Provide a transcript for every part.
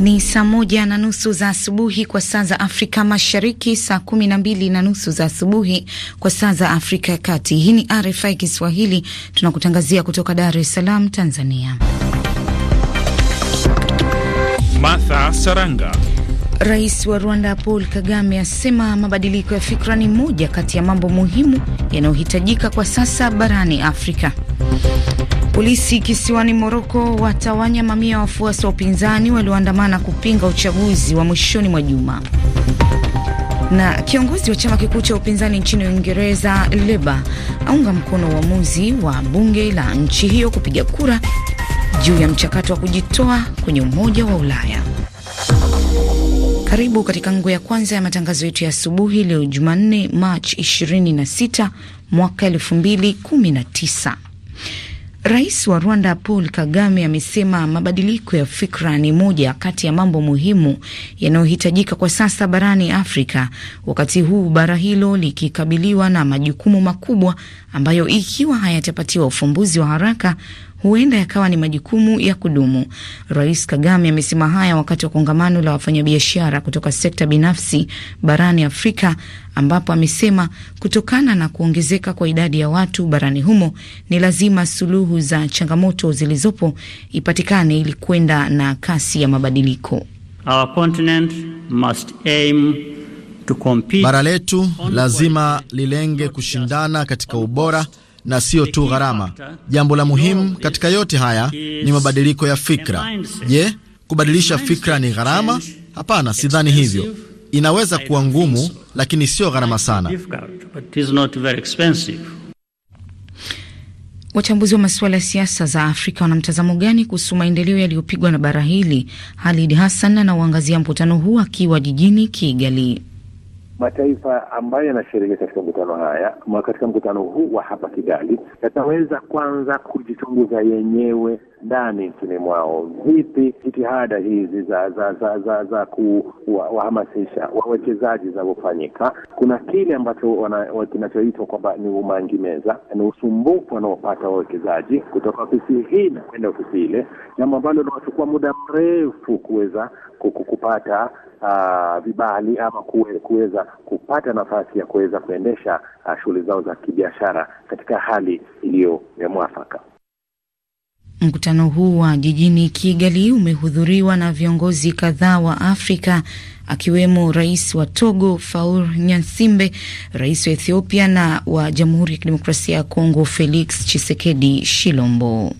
Ni saa moja na nusu za asubuhi kwa saa za Afrika Mashariki, saa kumi na mbili na nusu za asubuhi kwa saa za Afrika ya Kati. Hii ni RFI Kiswahili, tunakutangazia kutoka Dar es Salaam, Tanzania. Martha Saranga. Rais wa Rwanda Paul Kagame asema mabadiliko ya fikra ni moja kati ya mambo muhimu yanayohitajika kwa sasa barani Afrika. Polisi kisiwani Moroko watawanya mamia ya wafuasi wa upinzani walioandamana kupinga uchaguzi wa mwishoni mwa juma. Na kiongozi wa chama kikuu cha upinzani nchini Uingereza Leba aunga mkono uamuzi wa bunge la nchi hiyo kupiga kura juu ya mchakato wa kujitoa kwenye Umoja wa Ulaya. Karibu katika ngo ya kwanza ya matangazo yetu ya asubuhi leo Jumanne, Machi 26 mwaka 2019. Rais wa Rwanda Paul Kagame amesema mabadiliko ya fikra ni moja kati ya mambo muhimu yanayohitajika kwa sasa barani Afrika, wakati huu bara hilo likikabiliwa na majukumu makubwa ambayo ikiwa hayatapatiwa ufumbuzi wa haraka huenda yakawa ni majukumu ya kudumu. Rais Kagame amesema haya wakati wa kongamano la wafanyabiashara kutoka sekta binafsi barani Afrika, ambapo amesema kutokana na kuongezeka kwa idadi ya watu barani humo ni lazima suluhu za changamoto zilizopo ipatikane ili kwenda na kasi ya mabadiliko. Our continent must aim to compete. Bara letu lazima lilenge kushindana katika ubora na sio tu gharama. Jambo la muhimu katika yote haya ni mabadiliko ya fikra. Je, kubadilisha fikra ni gharama? Hapana, sidhani hivyo. Inaweza kuwa ngumu, lakini sio gharama sana. Wachambuzi wa masuala ya siasa za Afrika wana mtazamo gani kuhusu maendeleo yaliyopigwa na bara hili? Halid Hassan anauangazia mkutano huu akiwa jijini Kigali. Mataifa ambayo yanashiriki katika mashindano haya katika mkutano huu wa hapa Kigali yataweza kwanza kujichunguza yenyewe ndani nchini mwao, vipi jitihada hizi za za za za, za kuwahamasisha wa, wawekezaji zinavyofanyika. Kuna kile ambacho kinachoitwa kwamba ni umangi meza, ni usumbufu wanaopata wawekezaji kutoka ofisi hii na kwenda ofisi ile, jambo ambalo linachukua muda mrefu kuweza kupata uh, vibali ama kuweza kupata nafasi ya kuweza kuendesha kuendesha uh, shughuli zao za kibiashara katika hali iliyo ya mwafaka. Mkutano huu wa jijini Kigali umehudhuriwa na viongozi kadhaa wa Afrika akiwemo rais wa Togo faur Nyansimbe, rais wa Ethiopia na wa Jamhuri ya Kidemokrasia ya Kongo Felix chisekedi Shilombo.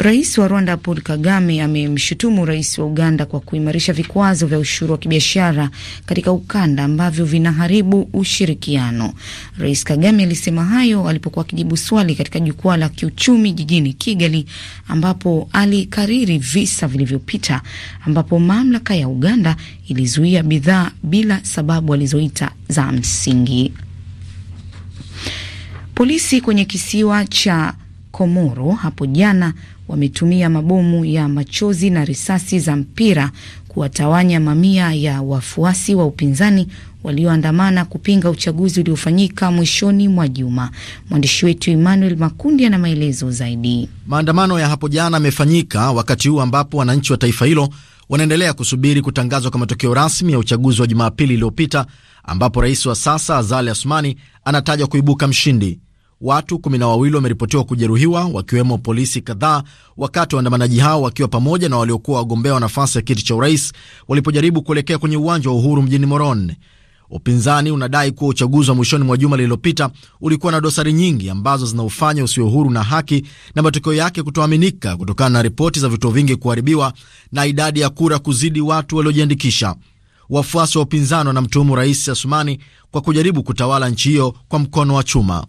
Rais wa Rwanda Paul Kagame amemshutumu rais wa Uganda kwa kuimarisha vikwazo vya ushuru wa kibiashara katika ukanda ambavyo vinaharibu ushirikiano. Rais Kagame alisema hayo alipokuwa akijibu swali katika jukwaa la kiuchumi jijini Kigali, ambapo alikariri visa vilivyopita ambapo mamlaka ya Uganda ilizuia bidhaa bila sababu alizoita za msingi. Polisi kwenye kisiwa cha Komoro hapo jana wametumia mabomu ya machozi na risasi za mpira kuwatawanya mamia ya wafuasi wa upinzani walioandamana kupinga uchaguzi uliofanyika mwishoni mwa juma. Mwandishi wetu Emmanuel Makundi ana maelezo zaidi. Maandamano ya hapo jana yamefanyika wakati huu ambapo wananchi wa taifa hilo wanaendelea kusubiri kutangazwa kwa matokeo rasmi ya uchaguzi wa Jumapili iliyopita ambapo rais wa sasa Azali Asumani anatajwa kuibuka mshindi. Watu kumi na wawili wameripotiwa kujeruhiwa wakiwemo polisi kadhaa, wakati waandamanaji hao wakiwa pamoja na waliokuwa wagombea wa nafasi ya kiti cha urais walipojaribu kuelekea kwenye uwanja wa Uhuru mjini moron Upinzani unadai kuwa uchaguzi wa mwishoni mwa juma lililopita ulikuwa na dosari nyingi ambazo zinaufanya usio huru na haki na matokeo yake kutoaminika kutokana na ripoti za vituo vingi kuharibiwa na idadi ya kura kuzidi watu waliojiandikisha. Wafuasi wa upinzani wanamtuhumu Rais Asumani kwa kujaribu kutawala nchi hiyo kwa mkono wa chuma.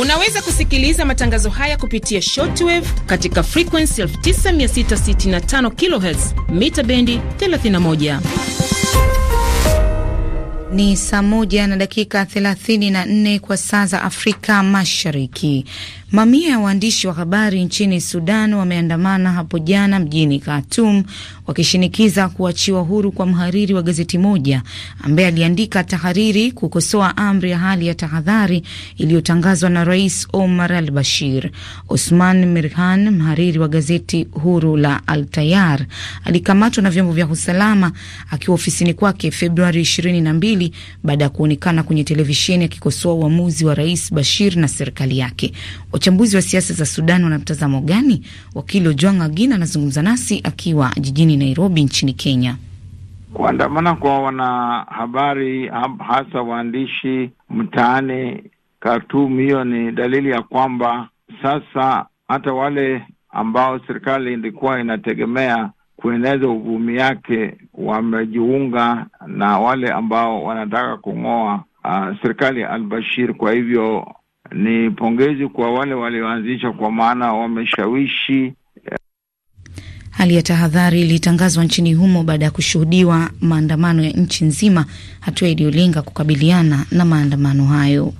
Unaweza kusikiliza matangazo haya kupitia shortwave katika frequency 9665 kHz mita bendi 31. Ni saa moja na dakika 34 kwa saa za Afrika Mashariki. Mamia ya waandishi wa habari nchini Sudan wameandamana hapo jana mjini Khartoum wakishinikiza kuachiwa huru kwa mhariri wa gazeti moja ambaye aliandika tahariri kukosoa amri ya hali ya tahadhari iliyotangazwa na Rais Omar al Bashir. Osman Mirhan, mhariri wa gazeti huru la Al Tayar, alikamatwa na vyombo vya usalama akiwa ofisini kwake Februari 22 baada ya kuonekana kwenye televisheni akikosoa uamuzi wa Rais Bashir na serikali yake. Wachambuzi wa siasa za Sudan wana mtazamo gani? Wakili Ojwang Agina anazungumza nasi akiwa jijini Nairobi nchini Kenya. Kuandamana kwa wanahabari hasa waandishi mtaani Khartoum, hiyo ni dalili ya kwamba sasa hata wale ambao serikali ilikuwa inategemea kueneza uvumi yake wamejiunga na wale ambao wanataka kung'oa uh, serikali ya bashir Kwa hivyo ni pongezi kwa wale walioanzisha, kwa maana wameshawishi. Hali ya tahadhari ilitangazwa nchini humo baada ya kushuhudiwa maandamano ya nchi nzima, hatua iliyolenga kukabiliana na maandamano hayo.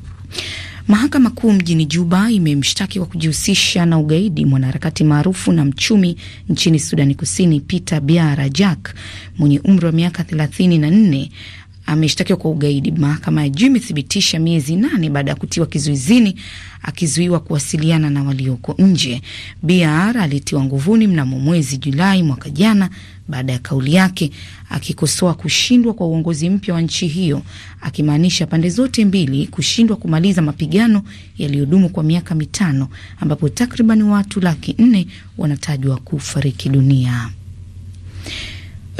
Mahakama Kuu mjini Juba imemshtaki kwa kujihusisha na ugaidi mwanaharakati maarufu na mchumi nchini Sudani Kusini, Peter Biara Jack mwenye umri wa miaka 34 ameshtakiwa kwa ugaidi. Mahakama ya juu imethibitisha miezi nane baada ya kutiwa kizuizini, akizuiwa kuwasiliana na walioko nje. BR alitiwa nguvuni mnamo mwezi Julai mwaka jana baada ya kauli yake akikosoa kushindwa kwa uongozi mpya wa nchi hiyo, akimaanisha pande zote mbili kushindwa kumaliza mapigano yaliyodumu kwa miaka mitano ambapo takriban watu laki nne wanatajwa kufariki dunia.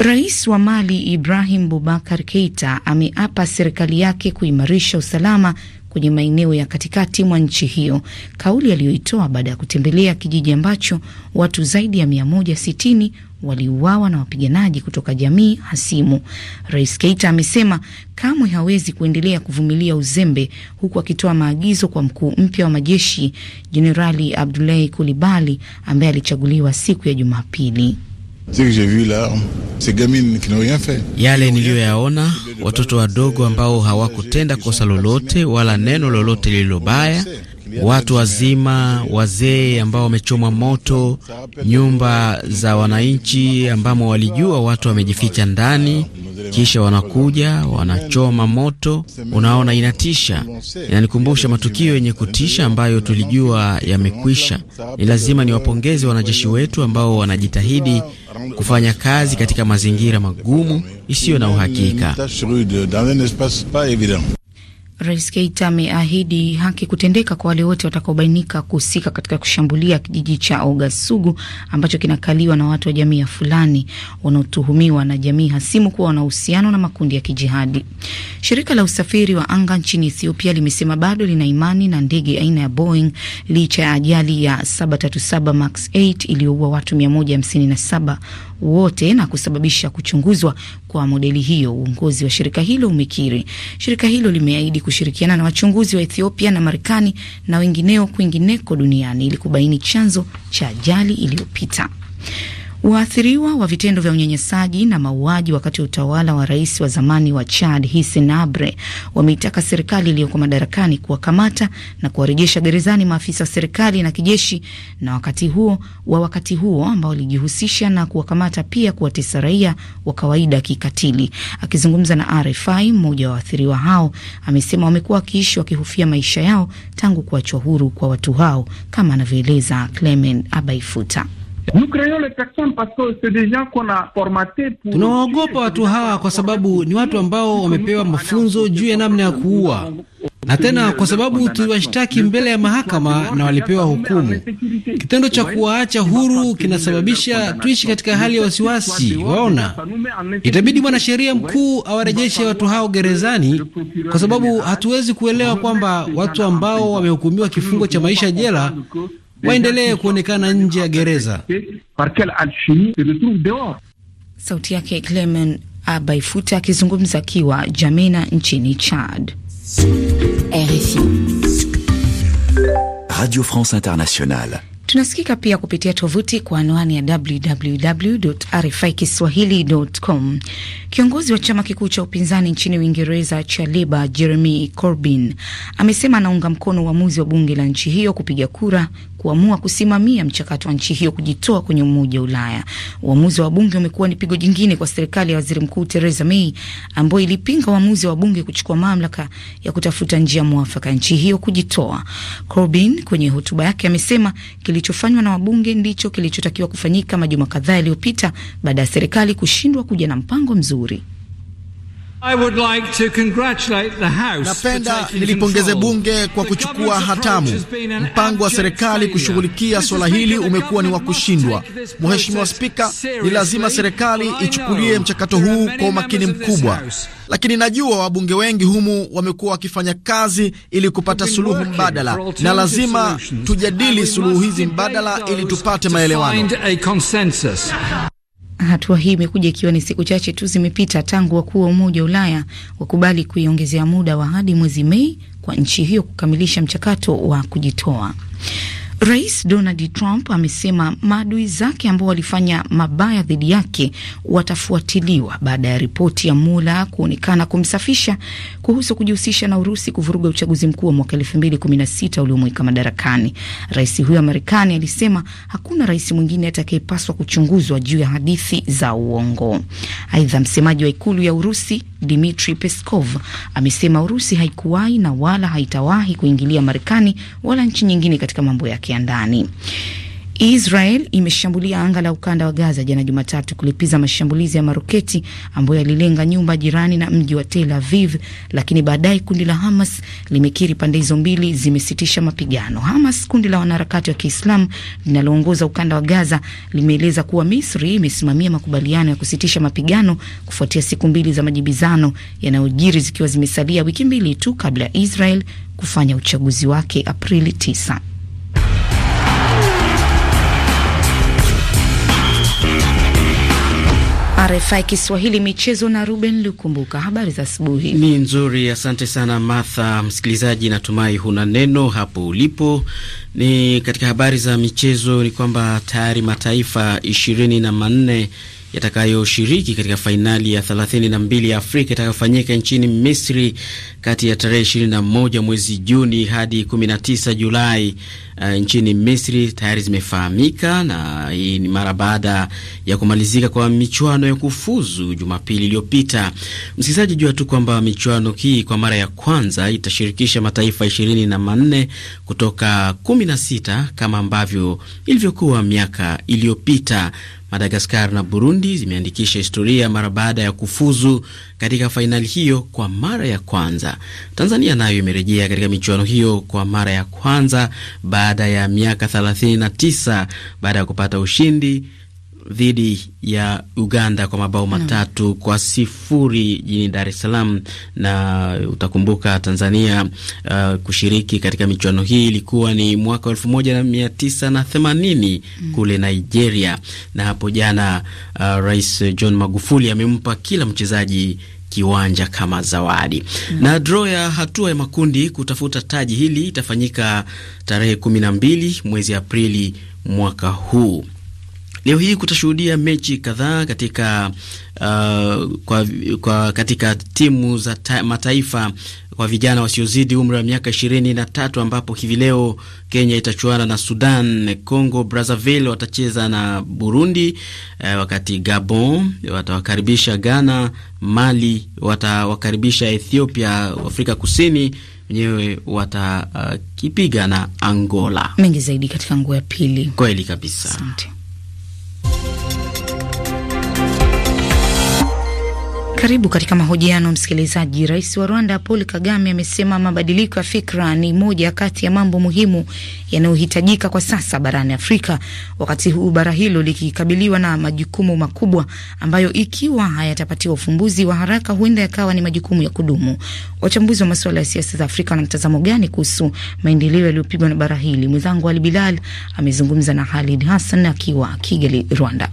Rais wa Mali Ibrahim bubakar Keita ameapa serikali yake kuimarisha usalama kwenye maeneo ya katikati mwa nchi hiyo, kauli aliyoitoa baada ya kutembelea kijiji ambacho watu zaidi ya 160 waliuawa na wapiganaji kutoka jamii hasimu. Rais Keita amesema kamwe hawezi kuendelea kuvumilia uzembe, huku akitoa maagizo kwa mkuu mpya wa majeshi Jenerali Abdulahi Kulibali ambaye alichaguliwa siku ya Jumapili. Yale niliyoyaona, watoto wadogo ambao hawakutenda kosa lolote wala neno lolote lililobaya, watu wazima, wazee ambao wamechomwa moto, nyumba za wananchi ambamo walijua watu wamejificha ndani, kisha wanakuja wanachoma moto. Unaona, inatisha. Inanikumbusha matukio yenye kutisha ambayo tulijua yamekwisha. Ni lazima niwapongeze wanajeshi wetu ambao wanajitahidi kufanya kazi katika mazingira magumu isiyo na uhakika. Rais Keita ameahidi haki kutendeka kwa wale wote watakaobainika kuhusika katika kushambulia kijiji cha Ogasugu ambacho kinakaliwa na watu wa jamii ya Fulani wanaotuhumiwa na jamii hasimu kuwa wana uhusiano na makundi ya kijihadi. Shirika la usafiri wa anga nchini Ethiopia limesema bado lina imani na ndege aina ya Boeing licha ya ajali ya 737 Max 8 iliyoua watu 157 wote na kusababisha kuchunguzwa kwa modeli hiyo. Uongozi wa shirika hilo umekiri. Shirika hilo limeahidi kushirikiana na wachunguzi wa Ethiopia na Marekani na wengineo kwingineko duniani ili kubaini chanzo cha ajali iliyopita. Waathiriwa wa vitendo vya unyanyasaji na mauaji wakati wa utawala wa rais wa zamani wa Chad Hissein Habre wameitaka serikali iliyoko madarakani kuwakamata na kuwarejesha gerezani maafisa wa serikali na kijeshi na wakati huo wa wakati huo ambao walijihusisha na kuwakamata pia kuwatesa raia wa kawaida kikatili. Akizungumza na RFI, mmoja wa waathiriwa hao amesema wamekuwa wakiishi wakihofia maisha yao tangu kuachwa huru kwa watu hao, kama anavyoeleza Clement Abaifuta. Nous créons les personnes parce que c'est des gens qu'on a pour. Tunawaogopa watu hawa kwa sababu ni watu ambao wamepewa mafunzo juu ya namna ya kuua, na tena kwa sababu tuliwashtaki mbele ya mahakama na walipewa hukumu. Kitendo cha kuwaacha huru kinasababisha tuishi katika hali ya wasiwasi. Waona, itabidi mwanasheria mkuu awarejeshe watu hao gerezani, kwa sababu hatuwezi kuelewa kwamba watu ambao wamehukumiwa kifungo cha maisha jela waendelee kuonekana nje ya gereza. Sauti yake Clement Abaifuta akizungumza akiwa Jamena nchini Chad. RFI Radio France Internationale. Tunasikika pia kupitia tovuti kwa anwani ya www.rfikiswahili.com. Kiongozi wa chama kikuu cha upinzani nchini Uingereza cha Leba, Jeremy Corbyn, amesema anaunga mkono uamuzi wa bunge la nchi hiyo kupiga kura kuamua kusimamia mchakato wa nchi hiyo kujitoa kwenye Umoja wa Ulaya. Uamuzi wa bunge umekuwa ni pigo jingine kwa serikali ya waziri mkuu Theresa May ambayo ilipinga uamuzi wa bunge kuchukua mamlaka ya kutafuta njia mwafaka ya nchi hiyo kujitoa. Corbyn kwenye hotuba yake amesema kilichofanywa na wabunge ndicho kilichotakiwa kufanyika majuma kadhaa yaliyopita baada ya serikali kushindwa kuja na mpango mzuri vizuri. I would like to congratulate the House napenda nilipongeze bunge kwa kuchukua hatamu. Mpango wa serikali kushughulikia suala hili umekuwa ni wa kushindwa. Mheshimiwa Spika, ni lazima serikali ichukulie mchakato huu kwa umakini mkubwa, lakini najua wabunge wengi humu wamekuwa wakifanya kazi ili kupata suluhu mbadala, na lazima tujadili suluhu hizi mbadala ili tupate maelewano. Hatua hii imekuja ikiwa ni siku chache tu zimepita tangu wakuu wa Umoja wa Ulaya wakubali kuiongezea muda wa hadi mwezi Mei kwa nchi hiyo kukamilisha mchakato wa kujitoa. Rais Donald Trump amesema maadui zake ambao walifanya mabaya dhidi yake watafuatiliwa baada ya ripoti ya mula kuonekana kumsafisha kuhusu kujihusisha na Urusi kuvuruga uchaguzi mkuu wa mwaka 2016 uliomweka madarakani. Rais huyo wa Marekani alisema hakuna rais mwingine atakayepaswa kuchunguzwa juu ya hadithi za uongo. Aidha, msemaji wa ikulu ya Urusi Dmitri Peskov amesema Urusi haikuwahi na wala haitawahi kuingilia Marekani wala nchi nyingine katika mambo yake ya ndani. Israel imeshambulia anga la ukanda wa Gaza jana Jumatatu kulipiza mashambulizi ya maroketi ambayo yalilenga nyumba jirani na mji wa Tel Aviv, lakini baadaye kundi la Hamas limekiri pande hizo mbili zimesitisha mapigano. Hamas, kundi la wanaharakati wa Kiislamu linaloongoza ukanda wa Gaza, limeeleza kuwa Misri imesimamia makubaliano ya kusitisha mapigano kufuatia siku mbili za majibizano yanayojiri zikiwa zimesalia wiki mbili tu kabla ya Israel kufanya uchaguzi wake Aprili 9. RFI Kiswahili michezo na Ruben Lukumbuka. Habari za asubuhi. Ni nzuri, asante sana Martha. Msikilizaji, natumai huna neno hapo ulipo. Ni katika habari za michezo ni kwamba tayari mataifa ishirini na manne yatakayoshiriki katika fainali ya 32 ya Afrika itakayofanyika nchini Misri kati ya tarehe 21 mwezi Juni hadi 19 Julai uh, nchini Misri tayari zimefahamika, na hii ni mara baada ya kumalizika kwa michuano ya kufuzu Jumapili iliyopita. Msikilizaji, jua tu kwamba michuano hii kwa mara ya kwanza itashirikisha mataifa 24 kutoka 16 kama ambavyo ilivyokuwa miaka iliyopita. Madagaskar na Burundi zimeandikisha historia mara baada ya kufuzu katika fainali hiyo kwa mara ya kwanza. Tanzania nayo imerejea katika michuano hiyo kwa mara ya kwanza baada ya miaka 39 baada ya kupata ushindi dhidi ya Uganda kwa mabao matatu no. kwa sifuri jijini Dar es Salaam. Na utakumbuka Tanzania uh, kushiriki katika michuano hii ilikuwa ni mwaka elfu moja na mia tisa na themanini mm. kule Nigeria, na hapo jana uh, Rais John Magufuli amempa kila mchezaji kiwanja kama zawadi mm. na draw ya hatua ya makundi kutafuta taji hili itafanyika tarehe kumi na mbili mwezi Aprili mwaka huu. Leo hii kutashuhudia mechi kadhaa katika, uh, kwa, kwa katika timu za ta, mataifa kwa vijana wasiozidi umri wa miaka ishirini na tatu ambapo hivi leo Kenya itachuana na Sudan, Congo Brazzaville watacheza na Burundi, eh, wakati Gabon watawakaribisha Ghana, Mali watawakaribisha Ethiopia, Afrika Kusini wenyewe watakipiga uh, na Angola. Mengi zaidi katika nguo ya pili. Kweli kabisa, asante. Bye. Karibu katika mahojiano msikilizaji. Rais wa Rwanda Paul Kagame amesema mabadiliko ya fikra ni moja kati ya mambo muhimu yanayohitajika kwa sasa barani Afrika, wakati huu bara hilo likikabiliwa na majukumu makubwa ambayo ikiwa hayatapatiwa ufumbuzi wa haraka huenda yakawa ni majukumu ya kudumu. Wachambuzi wa masuala ya siasa za Afrika wana mtazamo gani kuhusu maendeleo yaliyopigwa na bara hili? Mwenzangu Ali Bilal amezungumza na Halid Hassan akiwa Kigali, Rwanda.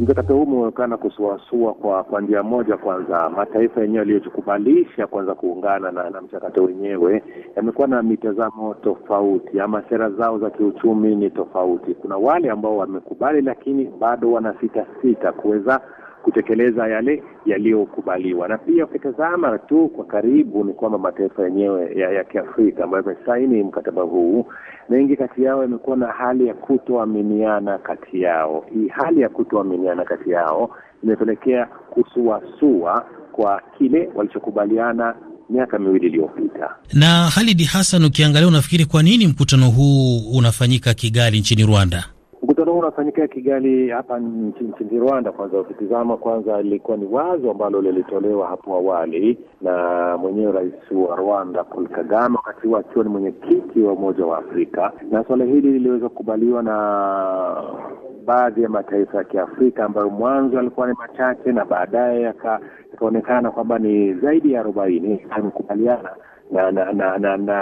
Mchakato huu umeonekana kusuasua kwa kwa njia moja. Kwanza, mataifa yenyewe yaliyokubalisha kwanza kuungana na, na mchakato wenyewe yamekuwa na mitazamo tofauti, ama sera zao za kiuchumi ni tofauti. Kuna wale ambao wamekubali, lakini bado wana sita kuweza kutekeleza yale yaliyokubaliwa. Na pia ukitazama tu kwa karibu, ni kwamba mataifa yenyewe ya, ya Kiafrika ambayo yamesaini mkataba huu Mengi kati yao yamekuwa na hali ya kutoaminiana kati yao. Hii hali ya kutoaminiana kati yao imepelekea kusuasua kwa kile walichokubaliana miaka miwili iliyopita. Na Halidi Hassan, ukiangalia unafikiri kwa nini mkutano huu unafanyika Kigali nchini Rwanda? mkutano huu unafanyika Kigali hapa nchini Rwanda. Kwanza ukitizama, kwanza lilikuwa ni wazo ambalo lilitolewa hapo awali na mwenyewe rais wa Rwanda Paul Kagame, wakati huo akiwa ni mwenyekiti wa Umoja wa Afrika, na suala hili liliweza kukubaliwa na baadhi ya mataifa ya Kiafrika ambayo mwanzo yalikuwa ni machache na baadaye yakaonekana kwamba ni zaidi ya arobaini yamekubaliana na na na, na, na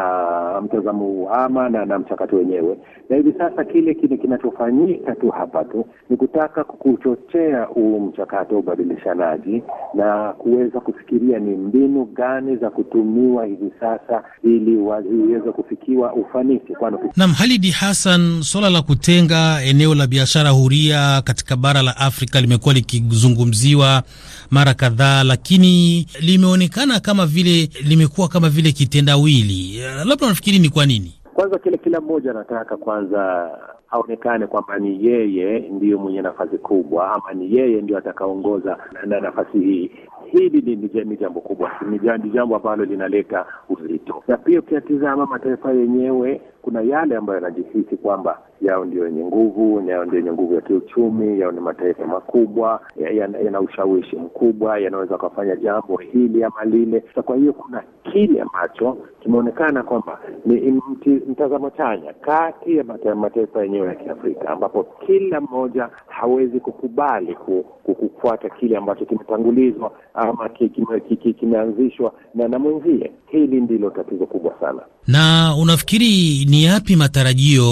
mtazamo ama na, na mchakato wenyewe. Na hivi sasa kile kile kinachofanyika tu hapa tu ni kutaka kuchochea huu mchakato wa ubadilishanaji na kuweza kufikiria ni mbinu gani za kutumiwa hivi sasa ili iweze kufikiwa ufanisi. Kwani Halidi Hassan, suala la kutenga eneo la biashara huria katika bara la Afrika limekuwa likizungumziwa mara kadhaa, lakini limeonekana kama vile limekuwa kama vile kitendawili. Eh, labda unafikiri ni kwa nini? Kwanza kile kila mmoja anataka kwanza aonekane kwamba ni yeye ndiyo mwenye nafasi kubwa ama ni yeye ndio atakaongoza na nafasi hii hili ni jambo kubwa, ni jambo ambalo linaleta uzito, na pia ukiyatizama mataifa yenyewe, kuna yale ambayo yanajihisi kwamba yao ndio yenye nguvu, yao ndio yenye nguvu ya kiuchumi, yao ni mataifa makubwa, yana ya, ya ushawishi mkubwa, yanaweza kufanya jambo hili ama lile. Sasa kwa hiyo kuna kile ambacho kimeonekana kwamba ni mtazamo chanya kati ya mataifa yenyewe ya Kiafrika, ambapo kila mmoja hawezi kukubali kufuata kile ambacho kimetangulizwa ama kimeanzishwa na na mwenzie. Hili ndilo tatizo kubwa sana. Na unafikiri ni yapi matarajio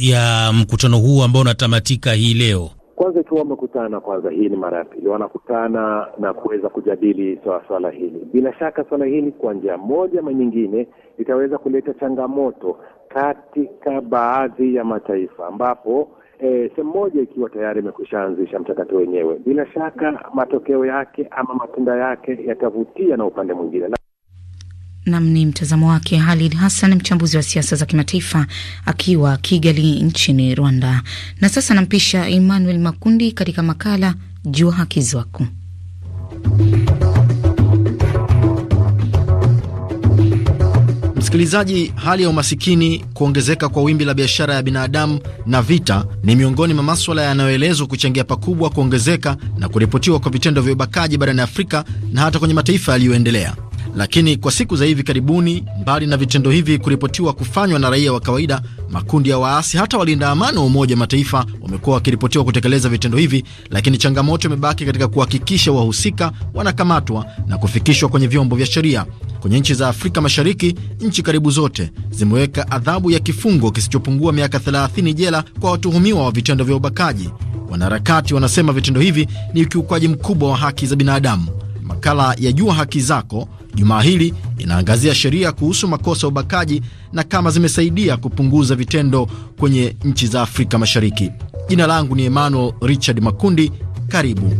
ya mkutano huu ambao unatamatika hii leo? Kwanza tu wamekutana kwanza, hii ni mara ya pili wanakutana na kuweza kujadili swala hili. Bila shaka swala hili kwa njia moja ama nyingine itaweza kuleta changamoto katika baadhi ya mataifa ambapo e, sehemu moja ikiwa tayari imekwisha anzisha mchakato wenyewe, bila shaka matokeo yake ama matunda yake yatavutia na upande mwingine. Nam ni mtazamo wake Halid Hassan, mchambuzi wa siasa za kimataifa akiwa Kigali nchini Rwanda. Na sasa nampisha Emmanuel Makundi katika makala Jua Haki Zako. Msikilizaji, hali ya umasikini, kuongezeka kwa wimbi la biashara ya binadamu na vita ni miongoni mwa maswala yanayoelezwa kuchangia pakubwa kuongezeka na kuripotiwa kwa vitendo vya ubakaji barani Afrika na hata kwenye mataifa yaliyoendelea. Lakini kwa siku za hivi karibuni, mbali na vitendo hivi kuripotiwa kufanywa na raia wa kawaida, makundi ya waasi, hata walinda amani wa Umoja Mataifa wamekuwa wakiripotiwa kutekeleza vitendo hivi, lakini changamoto imebaki katika kuhakikisha wahusika wanakamatwa na kufikishwa kwenye vyombo vya sheria. Kwenye nchi za Afrika Mashariki, nchi karibu zote zimeweka adhabu ya kifungo kisichopungua miaka 30 jela kwa watuhumiwa wa vitendo vya ubakaji. Wanaharakati wanasema vitendo hivi ni ukiukwaji mkubwa wa haki za binadamu. Makala ya Jua Haki Zako Jumaa hili inaangazia sheria kuhusu makosa ya ubakaji na kama zimesaidia kupunguza vitendo kwenye nchi za Afrika Mashariki. Jina langu ni Emmanuel Richard Makundi, karibu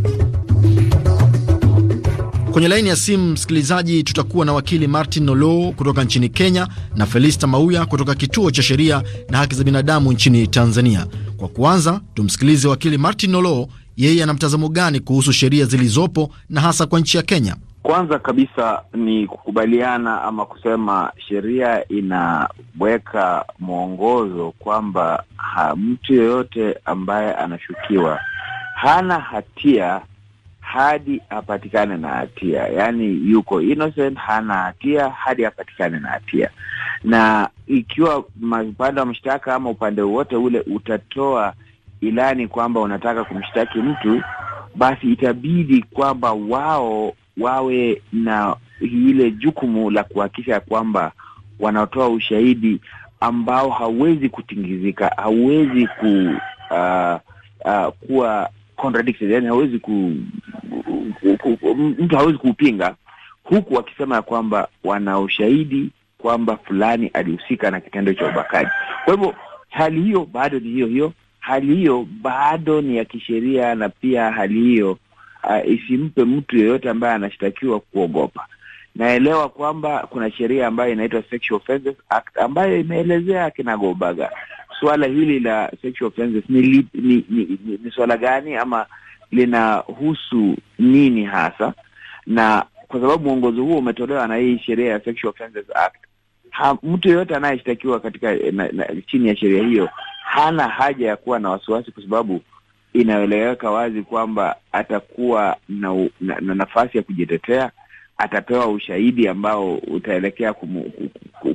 kwenye laini ya simu msikilizaji, tutakuwa na wakili Martin Nolo kutoka nchini Kenya na Felista Mauya kutoka kituo cha sheria na haki za binadamu nchini Tanzania. Kwa kuanza, tumsikilize wakili Martin Nolo, yeye ana mtazamo gani kuhusu sheria zilizopo na hasa kwa nchi ya Kenya? Kwanza kabisa ni kukubaliana ama kusema sheria inaweka mwongozo kwamba mtu yeyote ambaye anashukiwa hana hatia hadi apatikane na hatia, yaani yuko innocent, hana hatia hadi apatikane na hatia. Na ikiwa upande wa mashtaka ama upande wowote ule utatoa ilani kwamba unataka kumshtaki mtu, basi itabidi kwamba wao wawe na ile jukumu la kuhakikisha kwamba wanatoa ushahidi ambao hauwezi kutingizika, hauwezi ku uh, uh, kuwa contradicted, yani hauwezi ku, ku, ku, ku, mtu hawezi kuupinga, huku wakisema ya kwamba wana ushahidi kwamba fulani alihusika na kitendo cha ubakaji. Kwa hivyo hali hiyo bado ni hiyo hiyo, hali hiyo bado ni ya kisheria, na pia hali hiyo uh, isimpe mtu yeyote ambaye anashtakiwa kuogopa. Naelewa kwamba kuna sheria ambayo inaitwa Sexual Offences Act ambayo imeelezea kinagobaga suala hili la sexual offences ni, ni, ni, ni, ni suala gani ama linahusu nini hasa, na kwa sababu mwongozo huo umetolewa na hii sheria ya Sexual Offences Act ha, mtu yeyote anayeshtakiwa katika na, na, chini ya sheria hiyo hana haja ya kuwa na wasiwasi, kwa sababu inayoeleweka wazi kwamba atakuwa na, na, na nafasi ya kujitetea, atapewa ushahidi ambao utaelekea kum,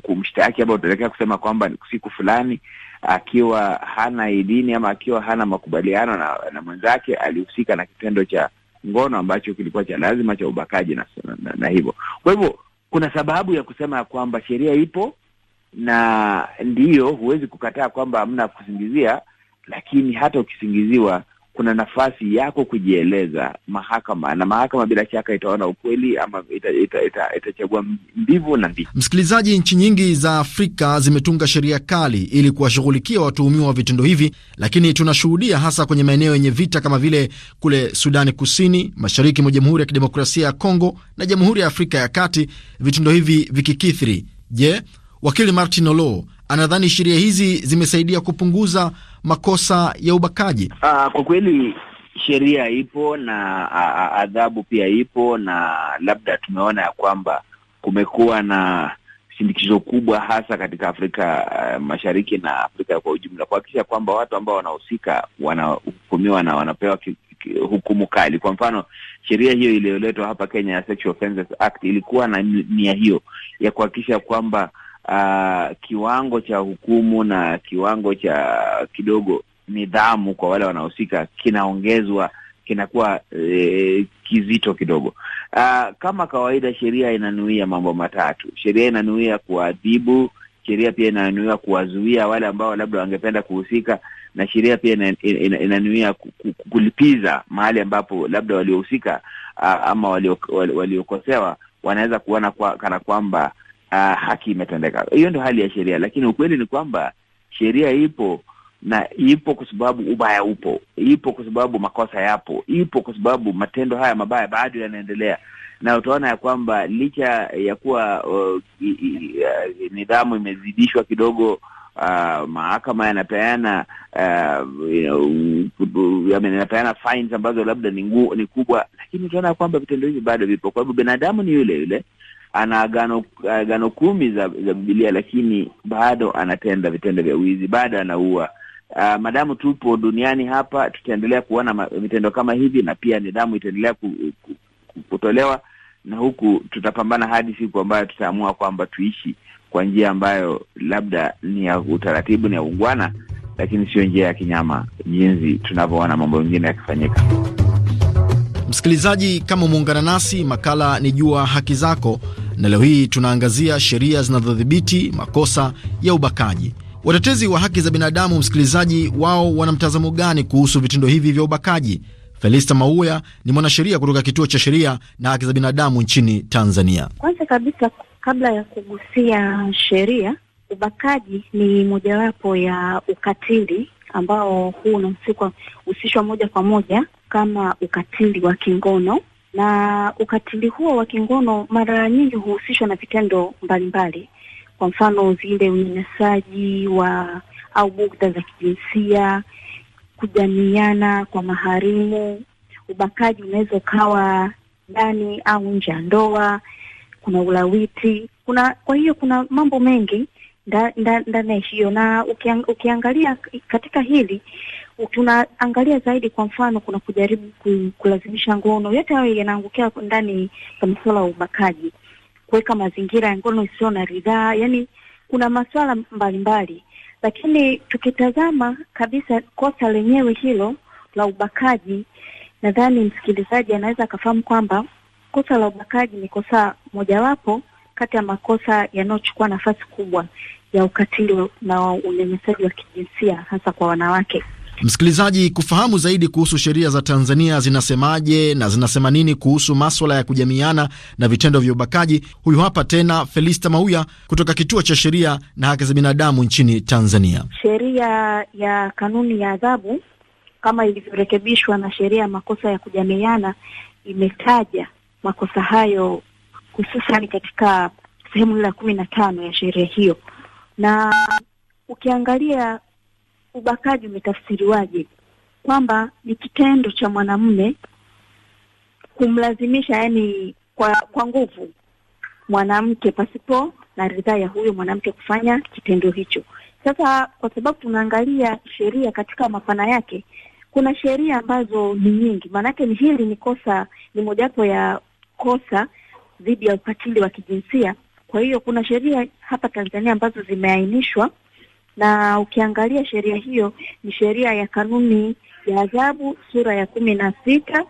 kumshtaki ama utaelekea kusema kwamba siku fulani akiwa hana idini ama akiwa hana makubaliano na, na mwenzake alihusika na kitendo cha ngono ambacho kilikuwa cha lazima cha ubakaji na, na, na hivyo. Kwa hivyo kuna sababu ya kusema kwamba sheria ipo na ndiyo, huwezi kukataa kwamba hamna kusingizia lakini hata ukisingiziwa kuna nafasi yako kujieleza mahakama, na mahakama bila shaka itaona ukweli ama itachagua ita, ita, ita mbivu na mbivu Msikilizaji, nchi nyingi za Afrika zimetunga sheria kali ili kuwashughulikia watuhumiwa wa vitendo hivi, lakini tunashuhudia hasa kwenye maeneo yenye vita kama vile kule Sudani Kusini, mashariki mwa Jamhuri ya Kidemokrasia ya Kongo na Jamhuri ya Afrika ya Kati, vitendo hivi vikikithiri. Je, wakili Martin Olo anadhani sheria hizi zimesaidia kupunguza makosa ya ubakaji? Aa, ah, kwa kweli sheria ipo na adhabu pia ipo, na labda tumeona ya kwamba kumekuwa na shindikizo kubwa hasa katika Afrika uh, Mashariki na Afrika kwa ujumla kuhakikisha kwamba watu ambao wanahusika wanahukumiwa na wanapewa ki, ki, hukumu kali. Kwa mfano, sheria hiyo iliyoletwa hapa Kenya ya Sexual Offences Act ilikuwa na nia hiyo ya kuhakikisha kwamba uh, kiwango cha hukumu na kiwango cha kidogo nidhamu kwa wale wanaohusika kinaongezwa, kinakuwa e, kizito kidogo. Uh, kama kawaida, sheria inanuia mambo matatu. Sheria inanuia kuadhibu, sheria pia inanuia kuwazuia wale ambao labda wangependa kuhusika, na sheria pia inanuia kulipiza mahali ambapo labda waliohusika uh, ama waliokosewa wanaweza kuona kwa, kana kwamba uh, haki imetendeka. Hiyo ndio hali ya sheria, lakini ukweli ni kwamba sheria ipo na ipo kwa sababu ubaya upo, ipo kwa sababu makosa yapo, ipo kwa sababu matendo haya mabaya bado yanaendelea, na utaona ya kwamba licha ya kuwa uh, i, i, uh, nidhamu imezidishwa kidogo Uh, mahakama yanapeana uh, you know, yaani yanapeana fines ambazo labda ni kubwa, lakini utaona kwamba vitendo hivi bado vipo, kwa sababu binadamu ni yule yule, ana agano agano kumi za, za bibilia lakini bado anatenda vitendo vya wizi, bado anaua. Uh, madamu tupo duniani hapa tutaendelea kuona vitendo kama hivi, na pia nidhamu itaendelea ku, ku, ku, kutolewa, na huku tutapambana hadi siku ambayo tutaamua kwamba tuishi kwa njia ambayo labda ni ya utaratibu, ni ya ungwana, lakini sio njia ya kinyama jinsi tunavyoona mambo mengine yakifanyika. Msikilizaji, kama umeungana nasi, makala ni Jua Haki Zako, na leo hii tunaangazia sheria zinazodhibiti makosa ya ubakaji. Watetezi wa haki za binadamu, msikilizaji, wao wana mtazamo gani kuhusu vitendo hivi vya ubakaji? Felista Mauya ni mwanasheria kutoka Kituo cha Sheria na Haki za Binadamu nchini Tanzania. Kwanza kabisa, kabla ya kugusia sheria, ubakaji ni mojawapo ya ukatili ambao huu unahusika husishwa moja kwa moja kama ukatili wa kingono na ukatili huo wa kingono mara nyingi huhusishwa na vitendo mbalimbali, kwa mfano zile unyanyasaji wa au bugdha za kijinsia, kujamiana kwa maharimu. Ubakaji unaweza ukawa ndani au nje ya ndoa, kuna ulawiti, kuna kwa hiyo kuna mambo mengi ndani ya nchi hiyo, na ukiang, ukiangalia katika hili tunaangalia zaidi, kwa mfano, kuna kujaribu kulazimisha ngono. Yote hayo yanaangukia ndani ya masuala ya ubakaji, kuweka mazingira ya ngono isiyo na ridhaa, yani kuna masuala mbalimbali, lakini tukitazama kabisa kosa lenyewe hilo la ubakaji, nadhani msikilizaji anaweza akafahamu kwamba kosa la ubakaji ni kosa mojawapo kati ya makosa yanayochukua nafasi kubwa ya ukatili na unyanyasaji wa kijinsia hasa kwa wanawake. Msikilizaji, kufahamu zaidi kuhusu sheria za Tanzania zinasemaje na zinasema nini kuhusu maswala ya kujamiana na vitendo vya ubakaji, huyu hapa tena Felista Mauya kutoka Kituo cha Sheria na Haki za Binadamu nchini Tanzania. Sheria ya kanuni ya adhabu kama ilivyorekebishwa na sheria ya makosa ya kujamiana imetaja makosa hayo hususan katika sehemu la kumi na tano ya sheria hiyo. Na ukiangalia ubakaji umetafsiriwaje, kwamba ni kitendo cha mwanamume kumlazimisha, yani kwa kwa nguvu mwanamke pasipo na ridhaa ya huyo mwanamke kufanya kitendo hicho. Sasa kwa sababu tunaangalia sheria katika mapana yake, kuna sheria ambazo ni nyingi, maanake ni hili ni kosa, ni mojawapo ya kosa dhidi ya ukatili wa kijinsia. Kwa hiyo kuna sheria hapa Tanzania ambazo zimeainishwa, na ukiangalia sheria hiyo ni sheria ya kanuni ya adhabu sura ya kumi na sita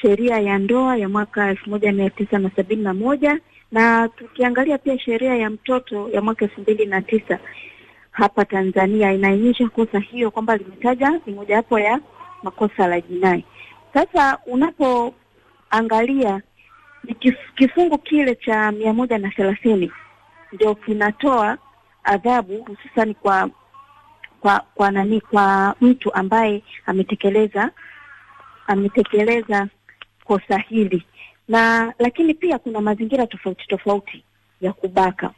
sheria ya ndoa ya mwaka elfu moja mia tisa na sabini na moja na tukiangalia pia sheria ya mtoto ya mwaka elfu mbili na tisa hapa Tanzania inaainisha kosa hiyo kwamba limetaja ni mojawapo ya makosa la jinai. Sasa unapoangalia kifungu kile cha mia moja na thelathini ndio kinatoa adhabu hususani kwa kwa kwa nani, kwa mtu ambaye ametekeleza ametekeleza kosa hili, na lakini pia kuna mazingira tofauti tofauti ya kubaka.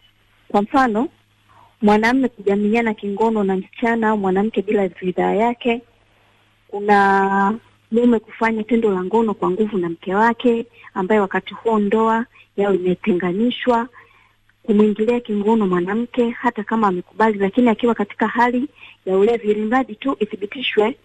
Kwa mfano, mwanamme kujamiliana kingono na msichana au mwanamke bila ridhaa yake. Kuna mume kufanya tendo la ngono kwa nguvu na mke wake ambaye wakati huo ndoa yao imetenganishwa, kumwingilia kingono mwanamke hata kama amekubali, lakini akiwa katika hali ya ulevi, ili mradi tu ithibitishwe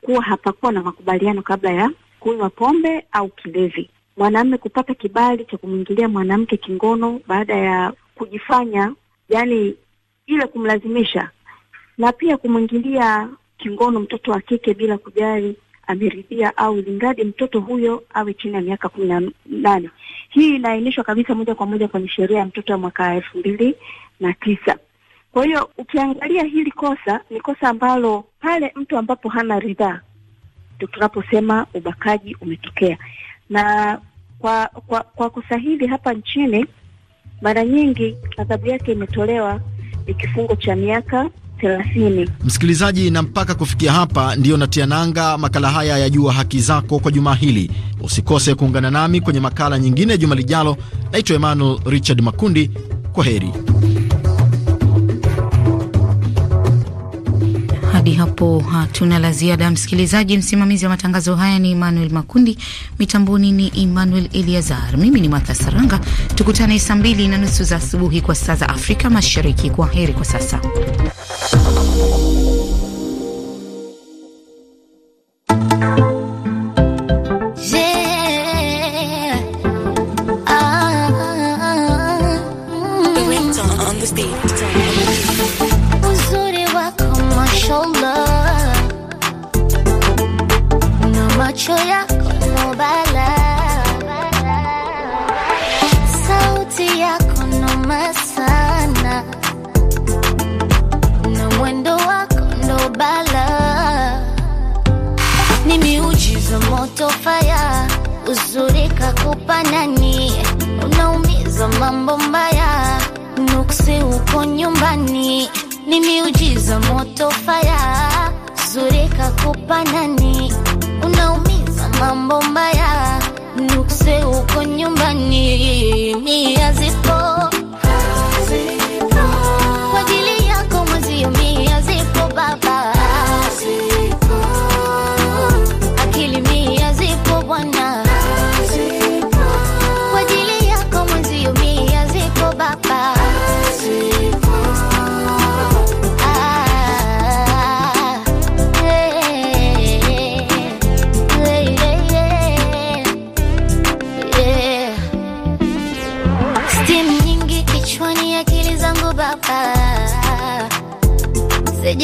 kuwa hapakuwa na makubaliano kabla ya kunywa pombe au kilevi. Mwanamume kupata kibali cha kumwingilia mwanamke kingono baada ya kujifanya, yani ile kumlazimisha, na pia kumwingilia kingono mtoto wa kike bila kujali ameridhia au lingadi mtoto huyo awe chini ya miaka kumi na nane. Hii inaainishwa kabisa moja kwa moja kwenye sheria ya mtoto ya mwaka elfu mbili na tisa. Kwa hiyo ukiangalia hili kosa ni kosa ambalo pale mtu ambapo hana ridhaa ndio tunaposema ubakaji umetokea. Na kwa kwa, kwa kosa hili hapa nchini mara nyingi adhabu yake imetolewa ni kifungo cha miaka 30. Msikilizaji, na mpaka kufikia hapa ndiyo natia nanga makala haya ya Jua Haki Zako kwa juma hili. Usikose kuungana nami kwenye makala nyingine ya juma lijalo. Naitwa Emmanuel Richard Makundi, kwa heri. Hadi hapo hatuna la ziada, msikilizaji. Msimamizi wa matangazo haya ni Emmanuel Makundi, mitamboni ni Emmanuel Eliazar, mimi ni Martha Saranga. Tukutane saa mbili na nusu za asubuhi kwa saa za Afrika Mashariki. Kwa heri kwa sasa. Thank you. unaupa nani? Unaumiza mambo mbaya, nuksi uko nyumbani, ni miujiza moto faya, zuri kakupa nani? Unaumiza mambo mbaya, nuksi uko nyumbani, mia azipo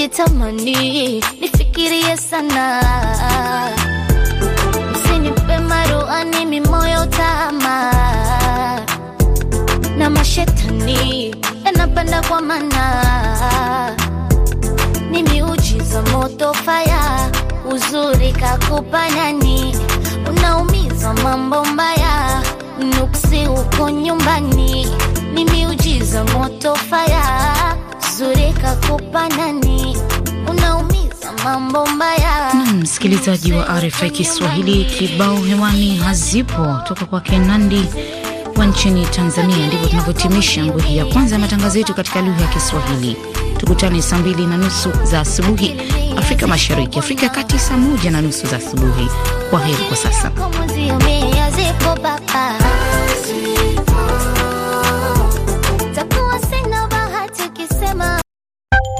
nilitamani nifikirie sana, msinipe maruani mimoyo tama na mashetani yanapanda kwa mana, ni miujiza moto faya uzuri kakupa nani, unaumiza mambo mbaya nuksi uko nyumbani, ni miujiza moto faya zuri kakupa nani mambo mbaya. Msikilizaji wa RFI Kiswahili, kibao hewani hazipo toka kwake nandi wa nchini Tanzania. Ndivyo tunavyotimisha nguhi ya kwanza ya matangazo yetu katika lugha ya Kiswahili. Tukutane saa mbili na nusu za asubuhi Afrika Mashariki, Afrika ya Kati saa moja na nusu za asubuhi. Kwa heri kwa sasa.